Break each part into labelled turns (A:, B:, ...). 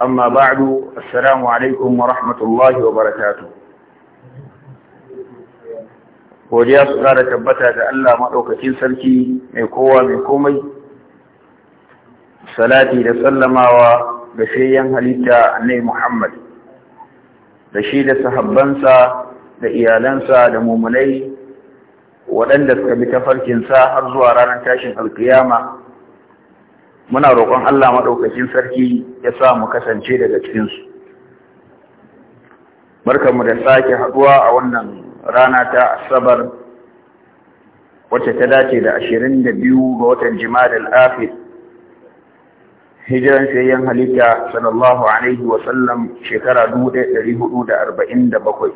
A: Amma أما بعد alaikum wa rahmatullahi wa وبركاته godiya su ƙara tabbata da Allah maɗaukakin sarki mai kowa mai komai salati da sallamawa ga shayyan halitta annai Muhammad da shi da sahabbansa da iyalansa da mumulai waɗanda suka bi tafarkinsa har zuwa ranar tashin alkiyama muna roƙon Allah maɗaukacin sarki ya sa mu kasance daga cikinsu. Barkanmu da sake haɗuwa a wannan rana ta Asabar wacce ta dace da ashirin da biyu ga watan Jimadal Afir. Hijiran sayayyen halitta sanallahu Alaihi wasallam shekara dubu ɗaya ɗari hudu da arba'in da bakwai.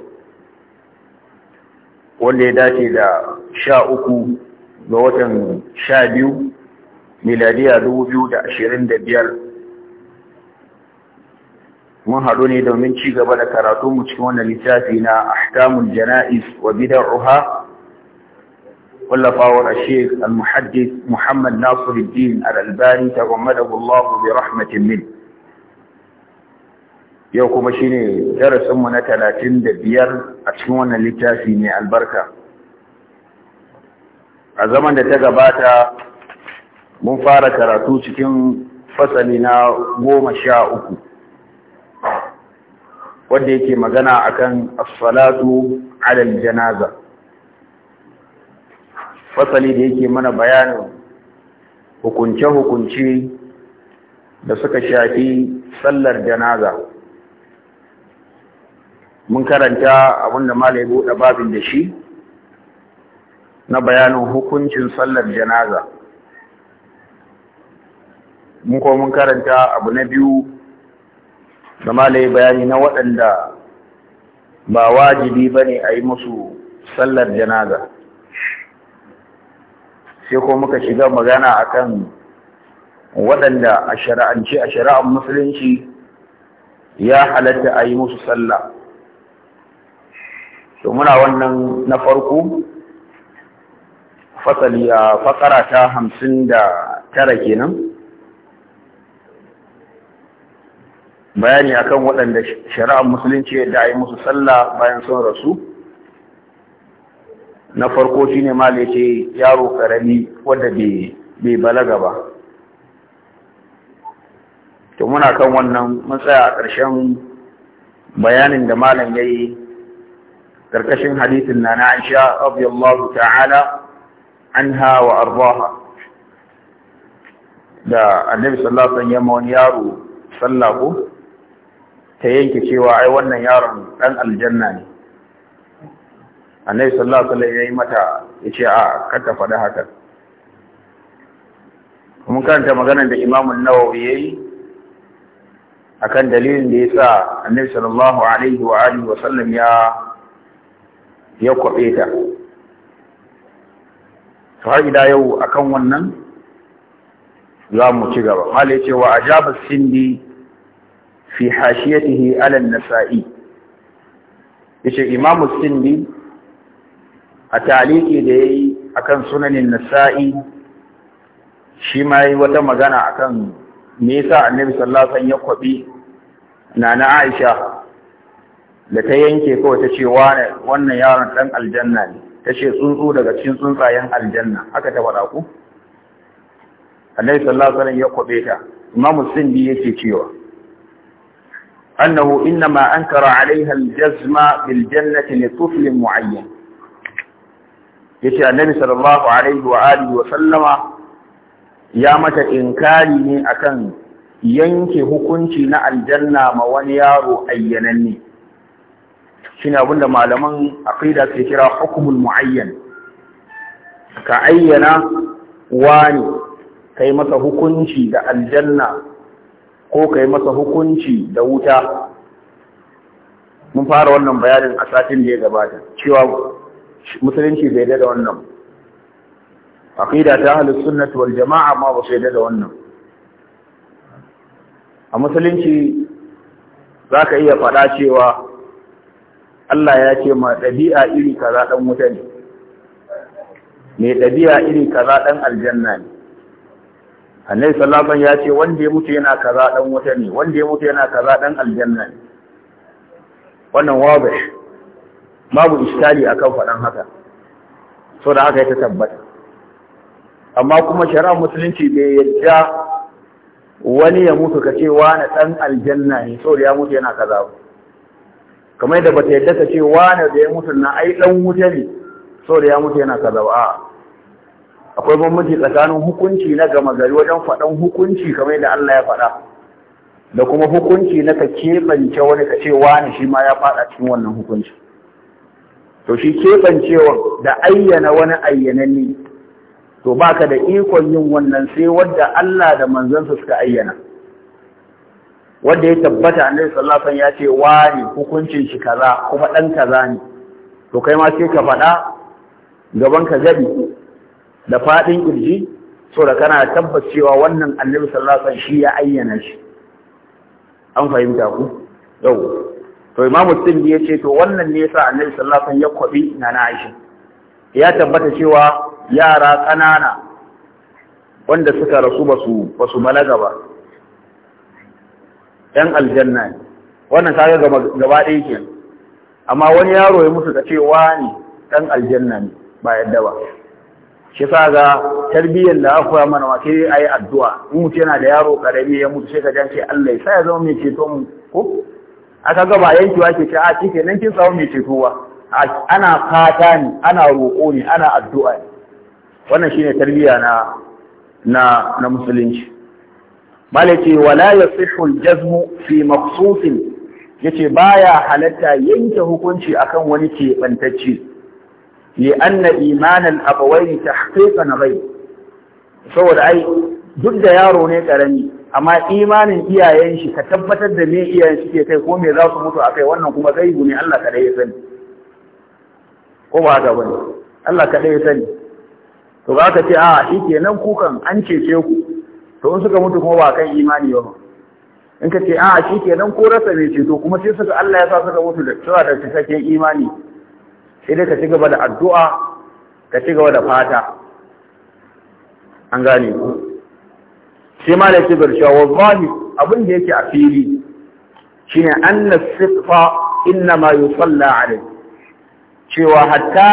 A: Wanda ya dace da sha uku ga watan sha biyu miladiya biyar. mun haɗu ne domin ci gaba da karatunmu cikin wannan littafi na ahkamul jana'iz wa bid'uha wallafawar Sheikh al-Muhaddis Muhammad Nasiruddin al-Albani tagammadahu Allah bi rahmatin min yau kuma shine darasin mu na biyar a cikin wannan littafi ne albarka a zaman da ta gabata mun fara karatu cikin fasali na goma sha uku wanda yake magana akan kan salatu janaza fasali da yake mana bayanin hukunce-hukunce da suka shafi sallar janaza mun karanta abinda malai buɗe babin da shi na bayanin hukuncin sallar janaza mun ko mun karanta abu na biyu da malai bayani na waɗanda ba wajibi ba ne a yi musu sallar janaza sai ko muka shiga magana akan waɗanda a shari'ance a shari'ar musulunci ya halatta a yi musu sallah to muna wannan na farko fasali a fakara ta hamsin da tara kenan bayani akan waɗanda shari'ar musulunci ya a yi musu sallah bayan sun rasu na farko shine ne male ce yaro karami wadda bai balaga ba to muna kan wannan mun tsaya a ƙarshen bayanin da malam ya yi ƙarƙashin hadisin na na aisha radiyallahu ta'ala anha wa arbaha da annabi sallallahu alaihi wasallam yaro sallah ko ta yanke cewa ai wannan yaron dan aljanna ne annabi sallallahu alaihi wasallam yayi mata yace a kada faɗa haka mun karanta maganar da Imam an-Nawawi yayi akan dalilin da yasa annabi sallallahu alaihi wa alihi wasallam ya ya kwabe ta to har ila yau akan wannan za mu ci gaba malai cewa ajaba sindi fi hashiyatihi ala nasa'i yace imam sindi a taliki da yayi akan sunanin nasa'i shi ma yi wata magana akan me yasa annabi sallallahu alaihi wasallam ya kwabi nana Aisha da ta yanke kawai ta ce wannan yaron dan aljanna ne ta ce tsuntsu daga cikin tsuntsayen aljanna haka ta faɗa ku annabi sallallahu alaihi wasallam ya kwabe ta imam sindi yake cewa أنه إنما أنكر عليها الجزم بالجنة لطفل معين yace annabi sallallahu alaihi wa alihi wa sallama ya mata inkari ne akan yanke hukunci na aljanna ma wani yaro ayyananne Shin abinda malaman aqida ke kira hukmul muayyan ka ayyana wani kai masa hukunci da aljanna ko ka yi masa hukunci da wuta mun fara wannan bayanin a satin da ya gabata cewa musulunci bai da wannan aqida ta ahlus sunnati wal jama'a ma ba su da wannan a musulunci zaka iya faɗa cewa Allah ya ce ma ɗabi'a iri kaza ɗan wuta ne mai ɗabi'a iri kaza ɗan aljanna ne annabi sallallahu alaihi ya ce wanda ya mutu yana kaza dan wuta ne wanda ya mutu yana kaza dan aljanna ne wannan wabih babu iskali akan fadan haka so da haka ya ta tabbata amma kuma shari'ar musulunci bai yadda wani ya mutu kace wani dan aljanna ne so da ya mutu yana kaza ba kamar yadda bata yadda kace wani da ya mutu na ai dan wuta ne so da ya mutu yana kaza ba a'a akwai bambanci tsakanin hukunci na gama gari wajen faɗan hukunci kamar da Allah ya faɗa da kuma hukunci na ka keɓance wani ka ce wani shi ma ya faɗa cikin wannan hukunci to shi keɓancewa da ayyana wani ayyananne to baka da ikon yin wannan sai wadda Allah da manzansa suka ayyana wanda ya tabbata annabi sallallahu alaihi ya ce wani hukuncin shi kaza kuma dan kaza ne to kai ma sai ka faɗa gaban ka gadi da faɗin ƙirji da kana tabbas cewa wannan annabi sallallahu alaihi wasallam shi ya ayyana shi an fahimta ku yau to imam muslim ya ce to wannan ne yasa annabi sallallahu alaihi wasallam ya kwabi na Aisha ya tabbata cewa yara ƙanana wanda suka rasu basu basu malaga ba ɗan aljanna ne wannan kaga gaba ɗaya kenan amma wani yaro ya musu ka ce wani ɗan aljanna ne ba yadda ba shi fa ga tarbiyyar da aka koya mana sai ayi addu'a in mutum yana da yaro karami ya mutu sai ka jan Allah ya sa ya zama mai ceto mu ko aka ga ba yankewa ke ce a kike nan kin samu mai ceto ba ana fata ne ana roƙo ne ana addu'a ne wannan shine tarbiyya na na na musulunci malaki wala yasihu jazmu fi maqsusin yace baya halatta yanke hukunci akan wani keɓantacce لأن إيمان الأبوين تحقيقا غير saboda ai duk da yaro ne ƙarami. amma imanin iyayen shi ka tabbatar da me iyayen shi ke kai ko me za su mutu a kai? wannan kuma gaibu ne Allah kadai ya sani ko ba ga bane Allah kadai ya sani to ba ka ce a shikenan kukan an cece ku to in suka mutu kuma ba kan imani ba in ka ce a shikenan ko rasa mai ceto kuma sai suka Allah ya sa suka mutu da cewa da cikakken imani sai dai ka ci gaba da addu'a ka ci gaba da fata an gane ku sai ma da yake garshe wallahi abin da yake a fili shine anna sifa inna ma yusalla alayhi cewa hatta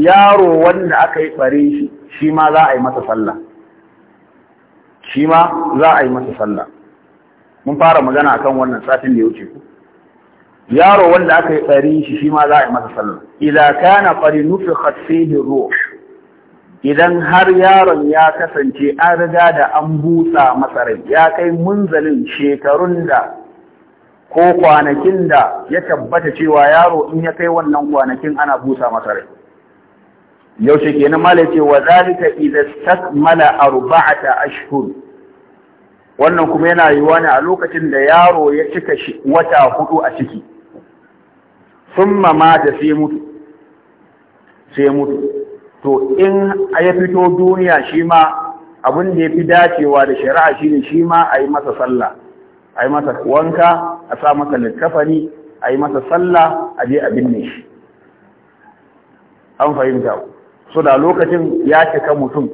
A: yaro wanda aka yi bare shi shi ma za a yi masa sallah shi ma za a yi masa sallah mun fara magana akan wannan satin da ya wuce ku yaro wanda aka yi tsari shi shi ma za a yi masa sallah idza kana qad nufikhat fihi ruh idan har yaron ya kasance an riga da an busa masa rai ya kai munzalin shekarun da ko kwanakin da ya tabbata cewa yaro in ya kai wannan kwanakin ana busa masa rai yaushe kenan malai ce wa zalika idza stakmala arba'ata ashhur wannan kuma yana yiwa ne a lokacin da yaro ya cika wata hudu a ciki summa mata sai mutu sai mutu to in ya fito duniya shi ma abin da ya fi dacewa da shari'a shi ne shi ma a yi masa sallah a yi masa wanka a sa masa littafani a yi masa sallah a je a binne shi an fahimta ku so da lokacin ya cika mutum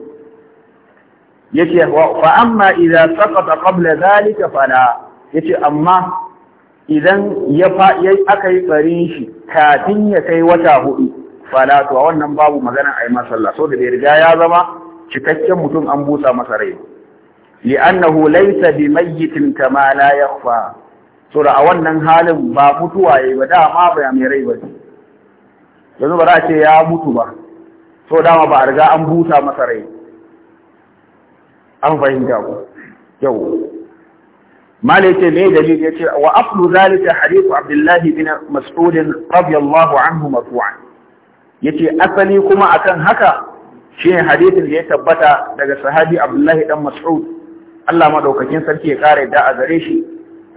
A: yace fa amma idza saqata qabla zalika fala yace amma idan ya aka yi tsarin shi kafin ya kai wata hudu falatu a wannan babu magana a yi masa sallah so da bai riga ya zama cikakken mutum an busa masa rai li'annahu laysa bi mayyitin kama la yakhfa so da a wannan halin ba mutuwa yayi ba dama ba mai rai ba yanzu ba za ce ya mutu ba so dama ba a riga an busa masa rai an fahimta ku yau malai ce me dalili yace wa aflu zalika hadithu abdullahi bin mas'ud radiyallahu anhu marfu'an yace asali kuma akan haka shine hadithin da ya tabbata daga sahabi abdullahi dan mas'ud Allah madaukakin sarki ya kare da a gare shi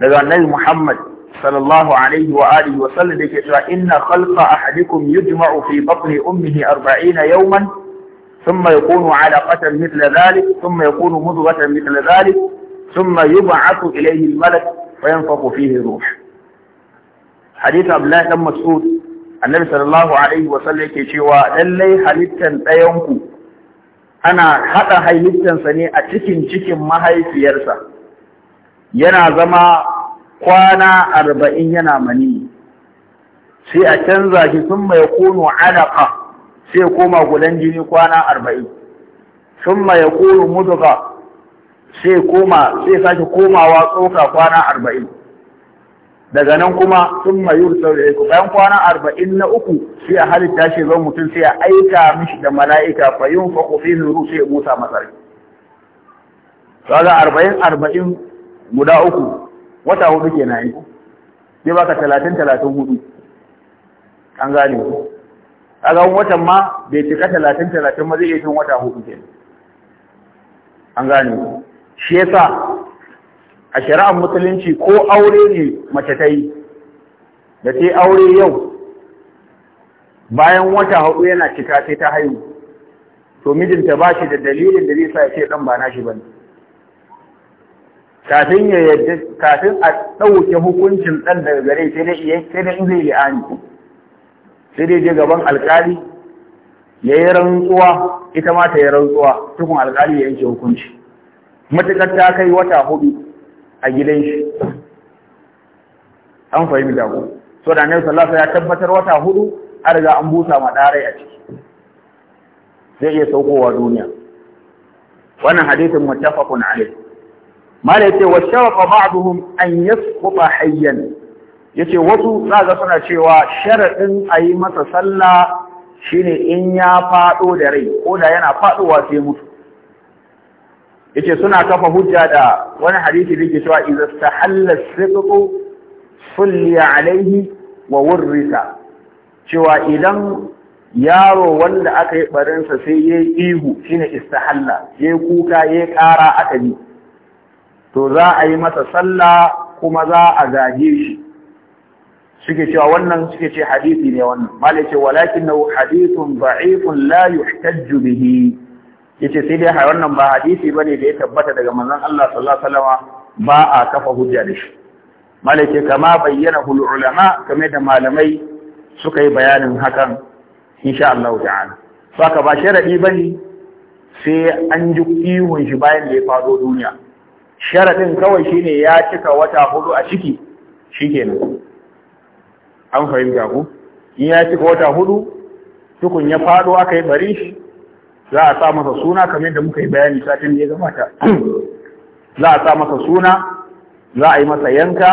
A: daga annabi Muhammad sallallahu alaihi wa alihi wa sallam yake cewa inna khalqa ahadikum yujma'u fi batni ummihi 40 yawman ثم يكون علقة مثل ذلك ثم يكون مضغة مثل ذلك ثم يبعث إليه الملك وينفخ فيه الروح حديث عبد الله بن مسعود النبي صلى الله عليه وسلم yake cewa lallai halittan ɗayanku ana haɗa halittansa ne a cikin cikin mahaifiyarsa yana zama kwana arba'in yana mani sai a canza shi sun mai kono alaƙa sai koma gudan jini kwana arba'in sun mai kono mutuka sai koma sai sake komawa tsoka kwana arba'in daga nan kuma sun mayur saurare ku bayan kwana arba'in na uku sai a halitta shi zan mutum sai a aika mishi da mala'ika fayin fakofi faƙo nuru sai musa masar kaga arba'in arba'in guda uku wata hudu na yi zai baka talatin talatin hudu an gane ku kaga watan ma bai cika talatin talatin ma zai iya cin wata hudu kenan an gane ku shi yasa a shari'ar musulunci ko aure ne mace ta yi da ta aure yau bayan wata hudu yana cika sai ta haihu to mijinta ba shi da dalilin da zai sa ya ce dan ba shi bane kafin ya yadda kafin a ɗauke hukuncin ɗan daga gare sai dai iya sai dai zai li'ani sai dai je gaban alƙali ya yi rantsuwa ita ma ta yi rantsuwa tukun alƙali ya yanke hukunci matuƙar ta kai wata hudu a gidan shi an fahimta ku so da annabi sallallahu ya tabbatar wata hudu a riga an busa ma darai a ciki zai iya saukowa duniya wannan hadisin muttafaqun alaihi mala ce wa sharafa ba'dhum an yasquta hayyan yace wasu zaga suna cewa a yi masa sallah shine in ya fado da rai ko da yana fadowa sai mutu yace suna kafa hujja da wani hadisi da yake cewa idza tahalla sidqu sulli alaihi wa wurrisa cewa idan yaro wanda aka yi barinsa sai yayi ihu shine istahalla ya yi kuka ya yi ƙara aka yi to za a yi masa sallah kuma za a gaje shi suke cewa wannan suke ce hadisi ne wannan mala ce walakin nahu hadithun da'ifun la yuhtajju bihi yace sai dai har wannan ba hadisi bane da ya tabbata daga manzon Allah sallallahu alaihi wasallam ba a kafa hujja da shi malake kama bayyana hul ulama kamar da malamai suka yi bayanin hakan insha Allah ta'ala saka ba sharadi bane sai an ji ihun shi bayan da ya fado duniya sharadin kawai shine ya cika wata hudu a ciki shikenan an fahimta ku in ya cika wata hudu tukun ya fado aka yi bari shi za a sa masa suna kamar yadda muka yi bayani satin da ya gabata za a sa masa suna za a yi masa yanka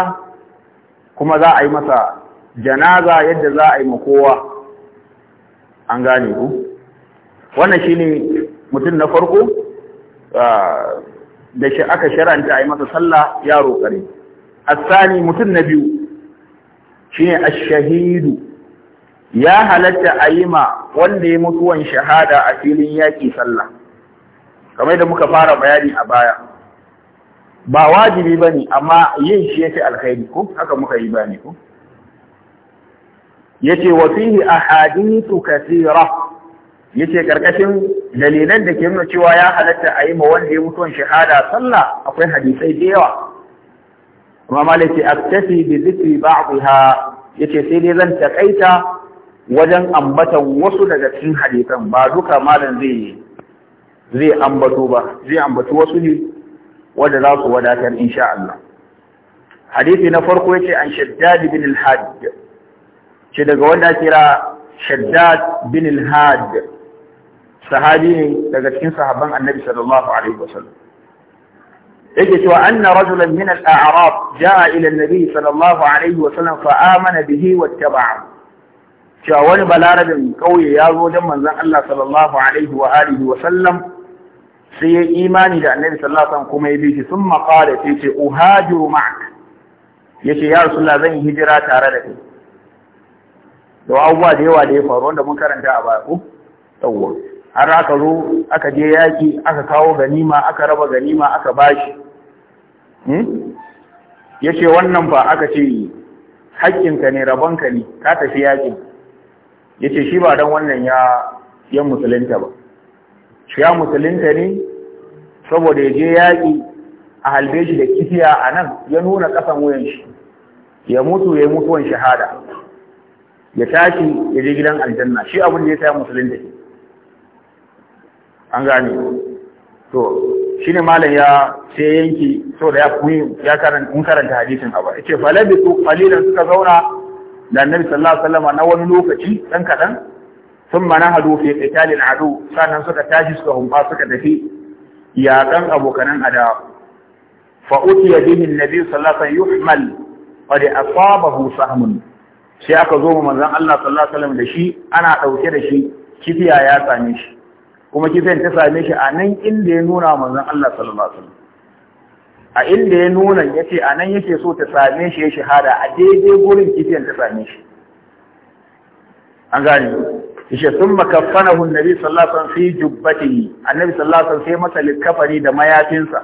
A: kuma za a yi masa janaza yadda za a yi ma kowa an gane ku wannan shine mutum na farko da shi aka sharanta a yi masa sallah yaro kare asani mutum na biyu shine a shahidu ya halatta a yi ma wanda ya mutuwan shahada a filin yaƙi sallah kamar da muka fara bayani a baya ba wajibi ba ne amma yin shi ya fi alkhairi ko haka muka yi ba ne ko ya ce wa fihi a hadithu kasira ya ce ƙarƙashin dalilan da ke nuna cewa ya halatta a yi ma wanda ya mutuwan shahada sallah akwai hadisai da yawa amma malaki aktafi bi zikri Ya ce sai dai zan taƙaita. wajen ambatan wasu daga cikin hadisan ba duka malam zai yi zai ambato ba zai ambaci wasu ne wanda za su wadatar insha Allah hadisi na farko yace an shaddad bin al-hajj ce daga wanda kira shaddad bin al-hajj sahabi ne daga cikin sahabban annabi sallallahu alaihi wasallam yake cewa anna rajulan min al-a'rab jaa ila an-nabi sallallahu alaihi wasallam fa amana bihi wattaba'ahu cewa wani balarabin kauye ya zo don manzon Allah sallallahu alaihi wa alihi wa sallam sai ya imani da annabi sallallahu alaihi kuma ya bi shi sun maqala sai ce uhajiru ma'ak ce, ya rasulullah zan hijira tare da kai da abubuwa da yawa da ya faru wanda mun karanta a baya ko yawwa har aka zo aka je yaki aka kawo ganima aka raba ganima aka bashi hmm? Ya ce wannan ba aka ce haƙƙinka ne rabonka ne ka tafi yakin ya ce shi ba don wannan ya musulunta ba ya musulunta ne saboda ya je yaƙi a halbe shi da kifiya a nan ya nuna ƙasan wuyan shi ya mutu ya yi mutuwan shahada ya tashi ya je gidan aljanna shi abin da ya saya musulunta ke an gane to shi ne malam ya sai yanki saboda ya ya karanta hadisin a ba ya ce su kalilan suka zauna da annabi sallallahu alaihi wasallam na wani lokaci dan kadan sun mana hadu fi qitalil adu sannan suka tashi suka humba suka tafi yaƙan abokanan adawa fa utiya bihi annabi sallallahu alaihi yuhmal qad asabahu sahmun sai aka zo mu manzon Allah sallallahu alaihi wasallam da shi ana dauke da shi kifiya ya same shi kuma kifiyan ta same shi a nan inda ya nuna manzon Allah sallallahu alaihi wasallam a inda ya nuna ya ce a nan yake so ta same shi ya shahada a daidai gurin kifiyan ta same shi an gani ishe sun makafanahu nabi sallallahu alaihi fi jubbatihi annabi sallallahu alaihi sai masa likafari da mayafinsa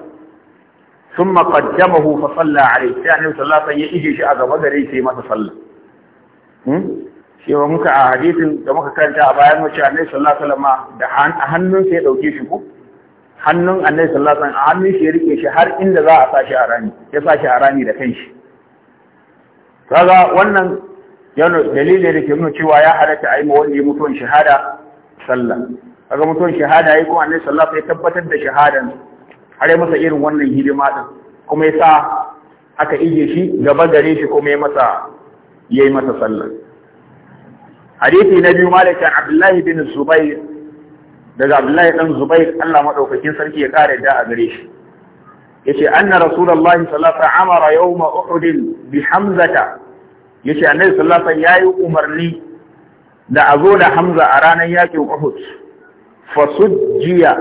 A: sun maqaddamahu fa salla alaihi sai annabi sallallahu alaihi ya ije shi a gaba gare sai masa sallah cewa hmm? muka a hadisin da muka karanta a bayan wacce annabi sallallahu alaihi wasallam da hannunsa ya dauke shi ko hannun annabi sallallahu a hannun shi ya rike shi har inda za a sa shi a rami ya sa shi a rami da kanshi kaga wannan yana dalilin da ke nuna cewa ya halatta ayi wanda ya mutuwan shahada sallah kaga mutuwan shahada yayi kuma annabi sallallahu ya tabbatar da shahadan har ya masa irin wannan hidima din kuma ya sa aka ije shi gaba gare shi kuma ya masa yayi masa sallah hadisi na biyu malikan abdullahi bin zubair daga Abdullahi dan Zubair Allah madaukakin sarki ya kare da a gare shi yace anna rasulullahi sallallahu alaihi wasallam amara yawma uhud bi hamzata yace annabi sallallahu alaihi wasallam yayi umarni da azo da hamza a ranar yakin uhud fasujjiya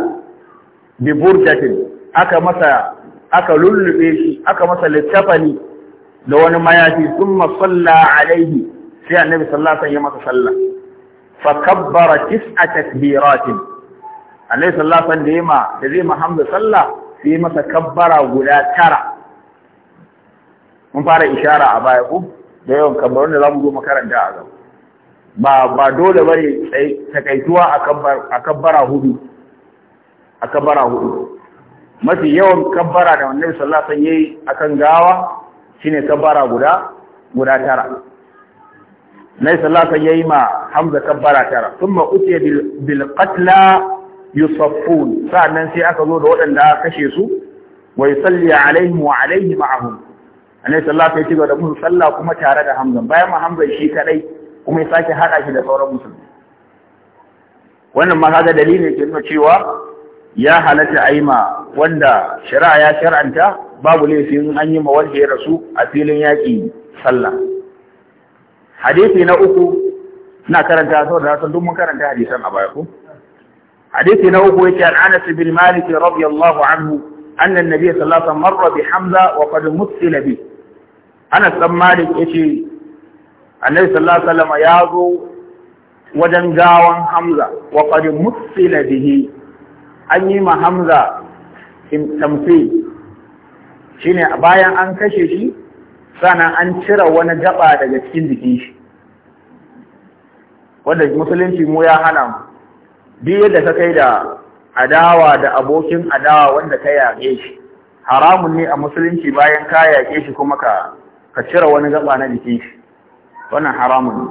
A: bi burdatin aka masa aka lullube shi aka masa littafani da wani mayafi thumma salla alaihi sai annabi sallallahu alaihi wasallam ya masa sallah fa kabbara tis'a takbiratin annabi sallallahu alaihi wasallam da yima da zai Muhammad sallah sai masa kabbara guda tara mun fara ishara a baya ku da yawan kabbarun da zamu zo mu karanta a gaba ba ba dole bane takaituwa a kabbar a kabbara hudu a kabbara hudu mafi yawan kabbara da annabi sallallahu alaihi wasallam yayi akan gawa shine kabbara guda guda tara nai wasallam yayi ma hamza kabbara tara thumma utiya bil qatla yusaffun sa'annan sai aka zo da waɗanda aka kashe su wa yusalli alaihim wa alaihi ma'ahum annabi sallallahu alaihi wa sallam da musu sallah kuma tare da Hamza bayan ma Hamza shi kadai kuma ya sake hada shi da sauran musulmi wannan ma kaga dalilin ke nuna cewa ya halatta aima wanda shari'a ya shar'anta babu laifi in an yi mawalhi ya rasu a filin yaki sallah hadisi na uku na karanta saboda na san duk mun karanta hadisan a baya ko hadisi na uku yake an Anas bin Malik radiyallahu anhu anna an-nabiy sallallahu alaihi wasallam marra bi Hamza wa qad mutsila bi Anas bin Malik yace Annabi sallallahu alaihi wasallam ya zo wajen gawan Hamza wa qad mutsila an yi ma Hamza tamfi shine bayan an kashe shi sannan an cire wani gaba daga cikin jikin shi wanda musulunci mu ya hana mu duk yadda ka kai da adawa da abokin adawa wanda ka yaƙe shi haramun ne a musulunci bayan ka yaƙe shi kuma ka ka cire wani gaba na jikin shi wannan haramun ne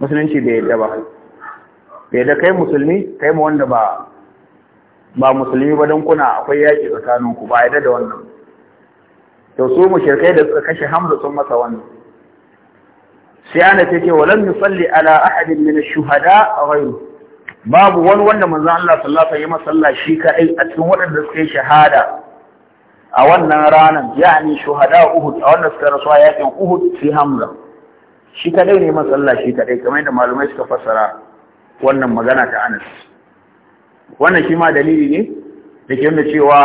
A: musulunci bai yadda ba bai yadda kai musulmi kai ma wanda ba ba musulmi ba don kuna akwai yaƙi tsakaninku ba yadda da wannan to su shirkai da suka kashe Hamza sun masa wannan sai ana ce ce walam yusalli ala ahadin min ash-shuhada ghayru babu wani wanda manzo Allah sallallahu alaihi wasallam shi kadai a cikin waɗanda suka yi shahada a wannan ranar yani shuhada Uhud a wanda suka rasuwa yakin Uhud sai Hamza shi kaɗai ne masalla shi kadai kamar yadda malumai suka fassara wannan magana ta Anas wannan shi ma dalili ne da ke nuna cewa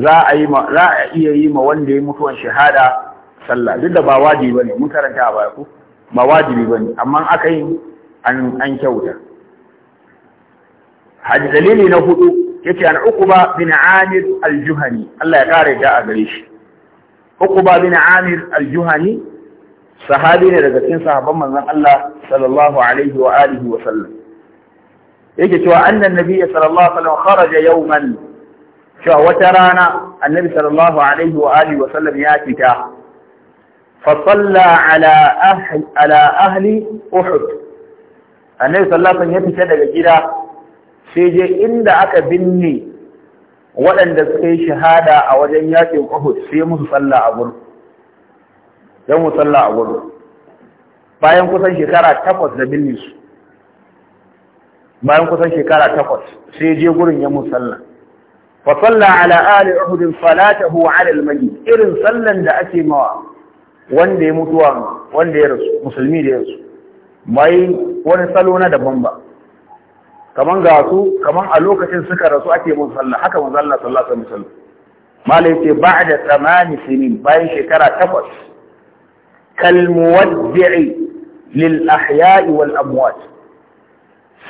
A: za a yi ma za a iya yi ma wanda ya mutuwan shahada sallah duk da ba wajibi bane mun karanta a baya ku ba wajibi bane amma aka yi an an kyauta haji dalili na hudu ya yace an uquba bin amir aljuhani Allah ya kare da a gare shi uquba bin amir aljuhani. sahabi ne daga cikin sahabban manzon Allah sallallahu alaihi wa alihi wa sallam yake cewa annan nabiy sallallahu alaihi wa sallam kharaja yawman cewa wata rana annabi sallallahu alaihi wa alihi wa sallam ya fita فصلى ala ahli على أهل أحد النبي صلى الله عليه وسلم يتشد الجيرة sai je inda aka binne waɗanda suka yi shahada a wajen yakin Uhud sai musu sallah a gurin don mu sallah a gurin bayan kusan shekara takwas da binne su
B: bayan kusan shekara takwas
A: sai je gurin ya musu sallah fa tsalla ala ali Uhud falata huwa alal magi irin tsallan da ake mawa wanda ya mutuwa wanda ya rasu musulmi da ya rasu bai wani salo na daban ba kaman ga su kaman a lokacin suka rasu ake mun sallah haka mun sallah sallallahu alaihi wasallam malai ce ba'da tsamani sinin bayan shekara takwas kal muwaddi'i lil ahya'i wal amwat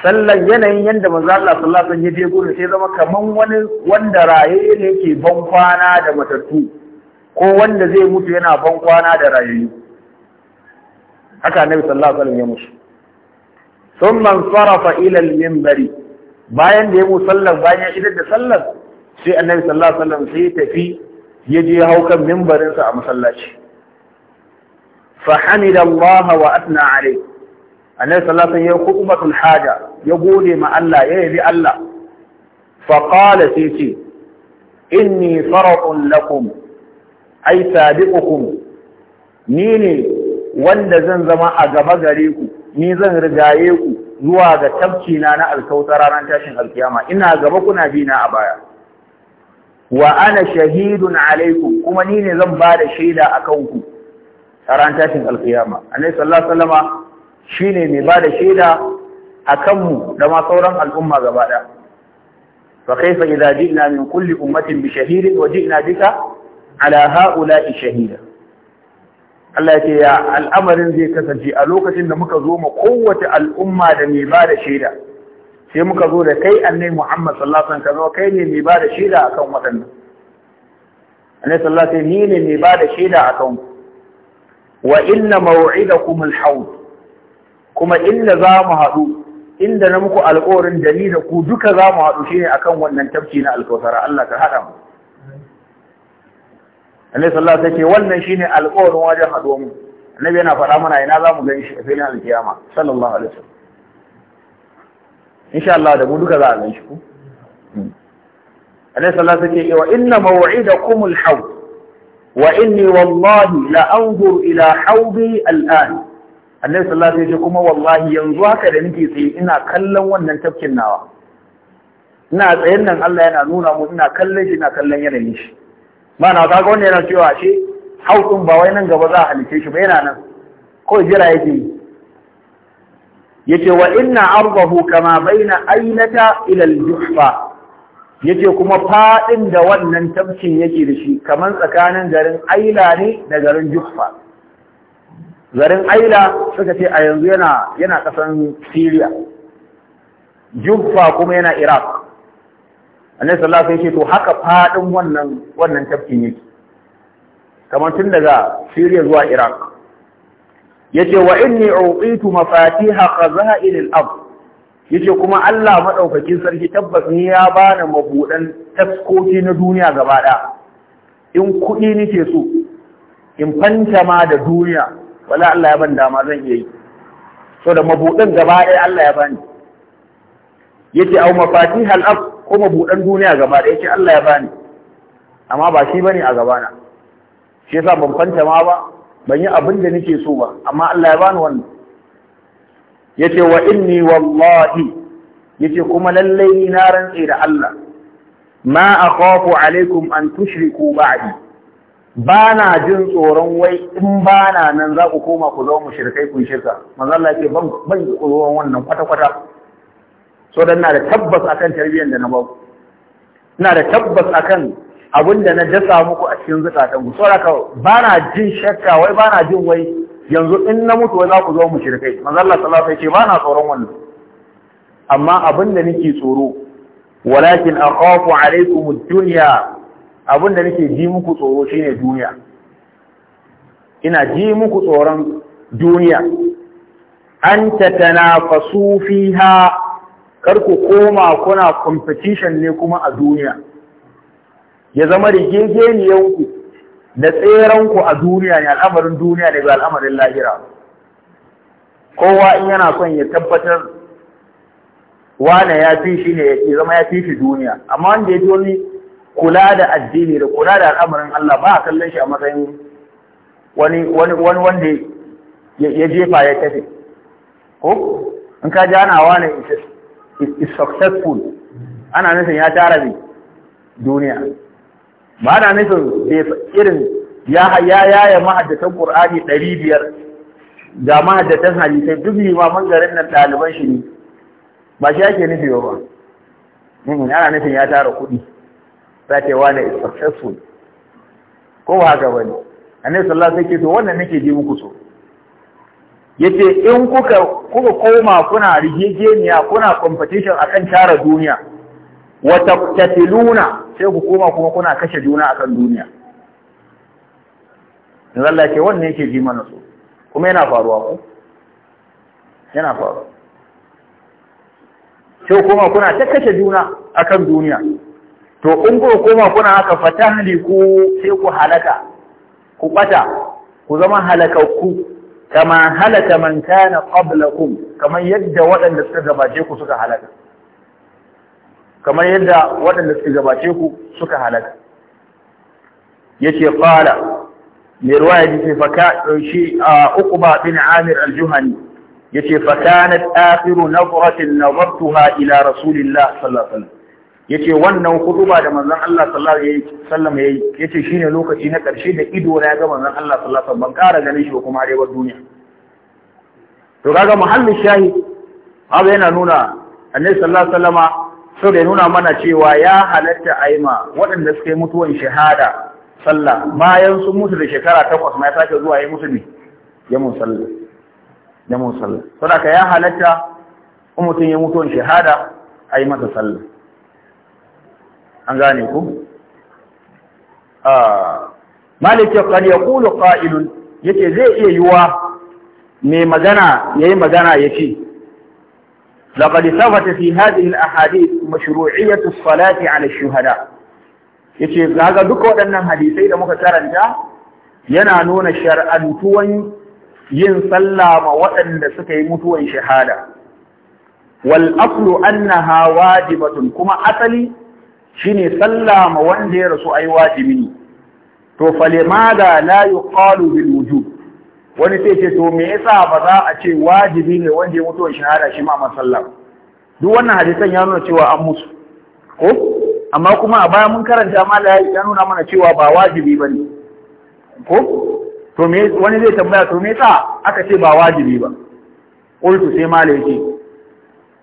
A: sallan yanayin yanda manzo Allah sallallahu alaihi wasallam ya je gurin sai zama kaman wani wanda raye ne yake bankwana da matattu ko wanda zai mutu yana bankwana da rayayyu haka annabi sallallahu alaihi wasallam ya mushi sun man ilal mimbari bayan da ya sallar, bayan ya idar da sallar sai annabi sallallahu alaihi wasallam sai ya tafi ya je hau kan mimbarinsa a masallaci fa hamida Allah wa atna alai annabi sallallahu alaihi wasallam ya khutbatul haja ya gode ma Allah ya yabi Allah fa qala sai ce inni faratun lakum ai sabiqukum ni ne wanda zan zama a gaba gare ku ni zan rigaye ku zuwa ga tabci na na alkauta ranar tashin alkiyama ina gaba kuna bi na a baya wa ana shahidun alaikum kuma ni ne zan ba da shaida a kanku a ranar tashin alkiyama annabi sallallahu alaihi wasallama shine mai ba da shaida a kanmu da ma sauran al'umma gaba ɗaya fa kaifa idza jinna min kulli ummatin bi shahidin wa jinna bika ala ha'ula'i shahida Allah ya ce ya al'amarin zai kasance a lokacin da muka zo ma kowace al'umma da mai ba da shaida sai muka zo da kai annai Muhammad sallallahu alaihi wasallam kai ne mai ba da shaida akan waɗannan annai sallallahu alaihi ni ne mai ba da shaida akan ku wa inna maw'idakum al-hawd kuma inda za mu haɗu inda na muku alƙawarin da da ku duka za mu haɗu shine akan wannan tafki na alkawtara Allah ka haɗa mu annabi sallallahu alaihi wasallam wannan shine alƙawarin wajen haɗuwar mu annabi yana faɗa mana ina za mu gani shi a filin alkiyama sallallahu alaihi wasallam insha Allah da mu duka za a gan shi ku hmm. annabi sallallahu alaihi wasallam wa inna maw'idakumul hawd wa inni wallahi la anzur ila hawdi al'an annabi sallallahu alaihi wasallam kuma wallahi yanzu haka da nake tsaye ina kallon wannan tafkin nawa ina tsayen nan Allah yana nuna mu ina kallon shi ina kallon yanayin shi mana ga wanda yana cewa hau haukun ba wai nan gaba za a halice shi ba yana nan kawai jira yake yi yace wa inna ardahu kama baina ainata ila al-juhfa yace kuma fadin da wannan tabcin yake da shi kaman tsakanin garin aila ne da garin juhfa garin aila suka ce a yanzu yana yana kasan Syria juhfa kuma yana Iraq annabi sallallahu alaihi wasallam to haka fadin wannan wannan tafkin yake kamar tun daga Syria zuwa Iraq yace wa inni uqitu mafatiha khaza'in al-ard yace kuma Allah madaukakin sarki tabbas ni ya bani mabudan taskoki na duniya gaba daya in kudi nake so in fanta ma da duniya wala Allah ya ban dama zan iya yi so da mabudan gaba Allah ya bani yace au mafatihal ard ko buɗan duniya gaba ɗaya ce Allah ya bani amma ba shi bane a gabana shi yasa ban fanta ma ba ban yi abin da nake so ba amma Allah ya bani wannan yace wa inni wallahi yace kuma lallai ni na rantse da Allah ma akhafu alaikum an tushriku ba'di bana jin tsoron wai in bana nan za ku koma ku mu shirkai kun shirka manzo Allah yake ban ban tsoron wannan kwata kwata so dan na da tabbas akan tarbiyyar da na ba ku ina da tabbas akan abin da na dasa muku a cikin zukatan ku saboda ka ba na jin shakka wai ba na jin wai yanzu in na mutu wai za ku zo mu shirkai manzo Allah sallallahu alaihi wasallam ce ba na tsoron wannan amma abin da nake tsoro walakin akhafu alaikum ad-dunya abin da nake ji muku tsoro shine duniya ina ji muku tsoron duniya an tatanafasu fiha kar ku koma kuna competition ne kuma a duniya ya zama rigegeniyanku da tseranku a duniya ne al'amarin duniya ga al'amarin lahira kowa in yana son ya tabbatar wane ya fi shi ne ya zama ya fi shi duniya amma wanda ya ji wani kula da addini da kula da al'amarin Allah ba a kallon shi a matsayin wani wani wanda ya jefa ya tafi ko in ka ji ana wane is successful ana nufin ya tara ne duniya ba na nufin irin ya yaya mahaddatan Qur'ani 500 ga mahaddatan hadisai duk limaman garin nan ɗaliban shi ne ba shi yake nufi ba hmm, ana nufin ya tara kuɗi za ta yi wane is successful ko ba haka ba ne annabi sallallahu alaihi wasallam sai ke to wannan nake ji muku so yace in kuka kuka koma kuna rigegeniya kuna competition akan tara duniya wata tatiluna sai ku koma kuma kuna kashe juna akan duniya dan Allah ce wannan yake ji mana so kuma yana faruwa ko yana faruwa sai kuma kuna ta kashe juna akan duniya to in kuka koma kuna haka fatahliku ku sai ku halaka ku bata ku zama halakakku kama halaka man kana qablakum kamar yadda waɗanda suka gabace ku suka halaka kamar yadda waɗanda suka gabace ku suka halaka yace qala mai ruwaya yace fa ka shi uqba bin amir al-juhani yace fa kanat akhiru nazratin nazartuha ila rasulillah sallallahu alaihi wasallam Yake wannan huduba da manzan Allah sallallahu alaihi wasallam ce shi ne lokaci na ƙarshe da ido na ga manzan Allah sallallahu alaihi wasallam ban ƙara ganin shi kuma har duniya to kaga muhallin shahi haka yana nuna annabi sallallahu alaihi wasallama sau da nuna mana cewa ya halatta aima waɗanda suka yi mutuwan shahada sallah bayan sun mutu da shekara takwas ma ya sake zuwa yi musu ne ya mun sallah ya mun sallah saboda ya halatta in mutum ya mutuwan shahada a yi masa sallah an gane ku ah. malik ya kan ya kulu qa'ilun yace zai iya yiwa mai magana yayi magana yace لقد ثبت في هذه الاحاديث مشروعيه الصلاه على الشهداء yace kaga duka waɗannan hadisai da muka karanta yana nuna shar'antuwan yin sallah waɗanda suka yi mutuwan shahada wal aslu annaha wajibatun kuma asali shine sallah ma wanda ya rasu ai wajibi ne to fale ma da la yuqalu bil wujub wani sai ce to me yasa ba za a ce wajibi ne wanda ya mutu shahada shi ma masallah duk wannan hadisan ya nuna cewa an musu ko amma kuma a baya mun karanta ma da ya nuna mana cewa ba wajibi ba ne? ko to me wani zai tambaya to me yasa aka ce ba wajibi ba qultu sai mala ce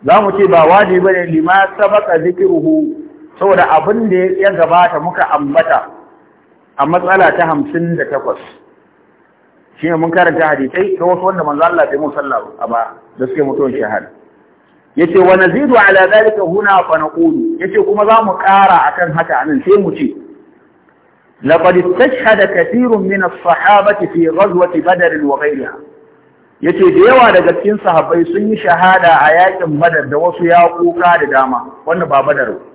A: za mu ce ba wajibi ba ne lima sabaka zikiruhu saboda abin da ya gabata muka ambata a matsala ta hamsin da takwas shi ne mun karanta hadisai ta wasu wanda manzo Allah bai mun sallah a ba da suke mutuwan shahada yace wa nazidu ala zalika huna fa naqulu yace kuma za mu kara akan haka anan sai mu ce laqad istashhada kathirun min as-sahabati fi ghazwati badr wa ghayriha yace da yawa daga cikin sahabbai sun yi shahada a yakin badar da wasu kuka da dama wanda ba badar ba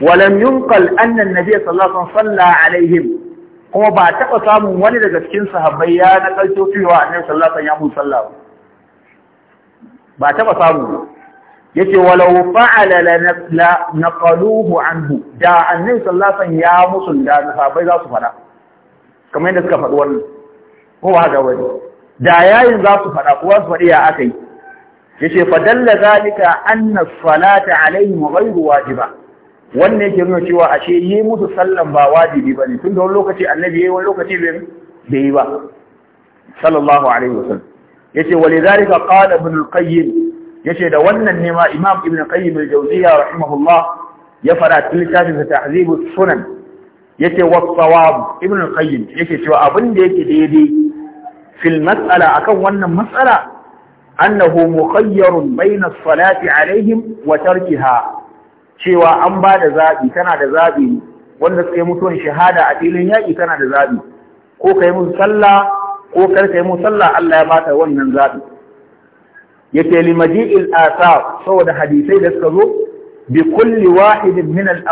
A: walam yunqal anna an-nabiy sallallahu alaihi wasallam salla alaihim kuma ba taɓa samun wani daga cikin sahabbai ya na ƙarfi cewa annabi sallallahu alaihi wasallam ya mun sallah ba taɓa samu yace walau fa'ala la naqaluhu anhu da annabi sallallahu alaihi ya musu da sahabbai za su fada kamar yadda suka faɗi wannan ko ba ga wani da yayin za su fada kuwa su faɗi ya akai yace fadalla zalika anna as-salata alaihim ghayru wajiba wannan yake nuna cewa ashe yi musu sallan ba wajibi ba ne tun da wani lokaci annabi yayi wani lokaci bai yi ba sallallahu alaihi wasallam yace walidhalika qala ibn al-qayyim yace da wannan ne ma imam ibn qayyim al-jawziyya rahimahullah ya fara tilkafin tahzib sunan yace wa sawab ibn al-qayyim yace cewa abin da yake daidai fil mas'ala akan wannan mas'ala annahu mukhayyarun bayna as-salati alaihim wa tarkiha cewa an ba da zaɓi tana da zaɓi wanda suka yi mutuwan shahada a filin yaƙi tana da zaɓi ko ka yi musu sallah ko kar ka yi musu sallah Allah ya bata wannan zaɓi yake limaji'il il'asa saboda hadisai da suka zo bi kulli wahidin min al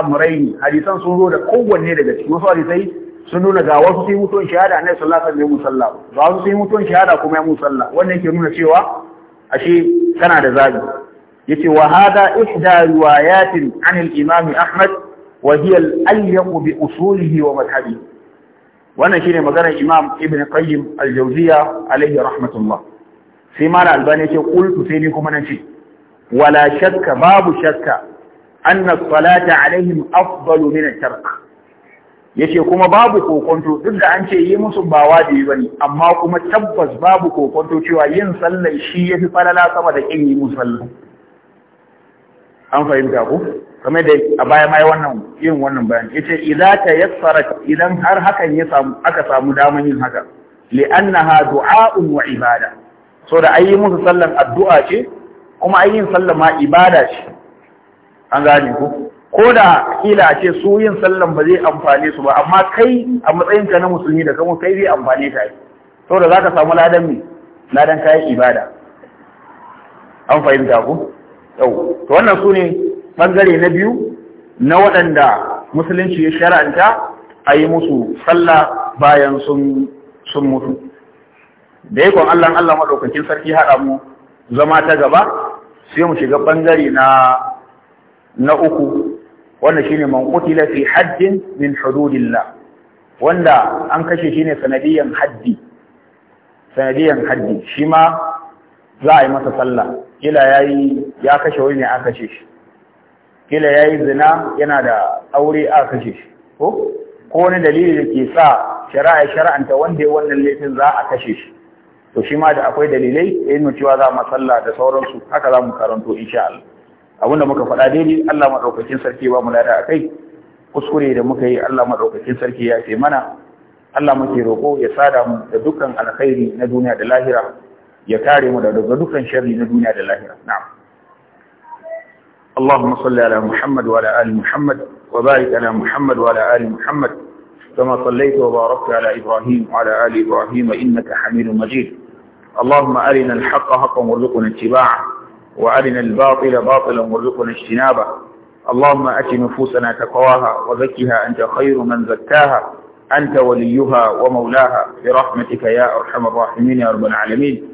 A: hadisan sun zo da kowanne daga cikin wasu hadisai sun nuna ga wasu sai mutuwan shahada annabi sallallahu alaihi wasallam ya musalla wasu sai mutuwan shahada kuma ya musalla wannan ke nuna cewa ashe kana da zabi yace wa hada ihda riwayatin an al-imam Ahmad wa hiya al-alyaq bi usulihi wa madhhabihi wannan shine maganar Imam Ibn Qayyim al-Jawziyya alayhi rahmatullah sai mala albani yace qultu sai ni kuma nace wala shakka babu shakka anna as-salata alaihim afdalu min at-tark yace kuma babu kokonto duk da an ce yi musu ba wajibi bane amma kuma tabbas babu kokonto cewa yin sallar shi yafi falala sama da kin yi musu sallah an fahimta ku kamar da a baya mai wannan yin wannan bayan yace idza ta yassara idan har hakan ya samu aka samu daman yin haka annaha du'a'un wa ibada so da ayi musu sallan addu'a ce kuma ayi yin sallan ma ibada ce an gane ku ko da kila ce su yin sallan ba zai amfane su ba amma kai a matsayin ka na musulmi da kuma kai zai amfane ka so da zaka samu ladan me ladan kayan ibada an fahimta ku yau to wannan su ne ɓangare na biyu na waɗanda musulunci ya shara'anta a yi musu sallah bayan sun mutu da kwan allon allon maɗaukakin sarki haɗa mu zama ta gaba sai mu shiga ɓangare na na uku wanda shi man manƙuti lafi haddin min hududillah wanda an kashe shine sanadiyan haddi sanadiyan haddi shi ma za a yi masa sallah kila yayi ya kashe wani ne kashe shi kila yayi zina yana da aure a kashe shi ko wani dalili da ke sa shari'a shari'anta wanda ya wannan laifin za a kashe shi to shi ma da akwai dalilai da cewa za mu sallah da sauransu haka za mu karanto insha Allah da muka faɗa daidai Allah madaukakin sarki ba mu lada kai. kuskure da muka yi Allah madaukakin sarki ya ce mana Allah muke roƙo ya sada mu da dukkan alkhairi na duniya da lahira ya kare mu daga dukkan sharri na duniya da lahira na'am اللهم صل على محمد وعلى آل محمد وبارك على محمد وعلى آل محمد كما صليت وباركت على إبراهيم وعلى آل إبراهيم إنك حميد مجيد اللهم أرنا الحق حقا وارزقنا اتباعه وأرنا الباطل باطلا وارزقنا اجتنابه اللهم أت نفوسنا تقواها وزكها أنت خير من زكاها أنت وليها ومولاها برحمتك يا أرحم الراحمين يا رب العالمين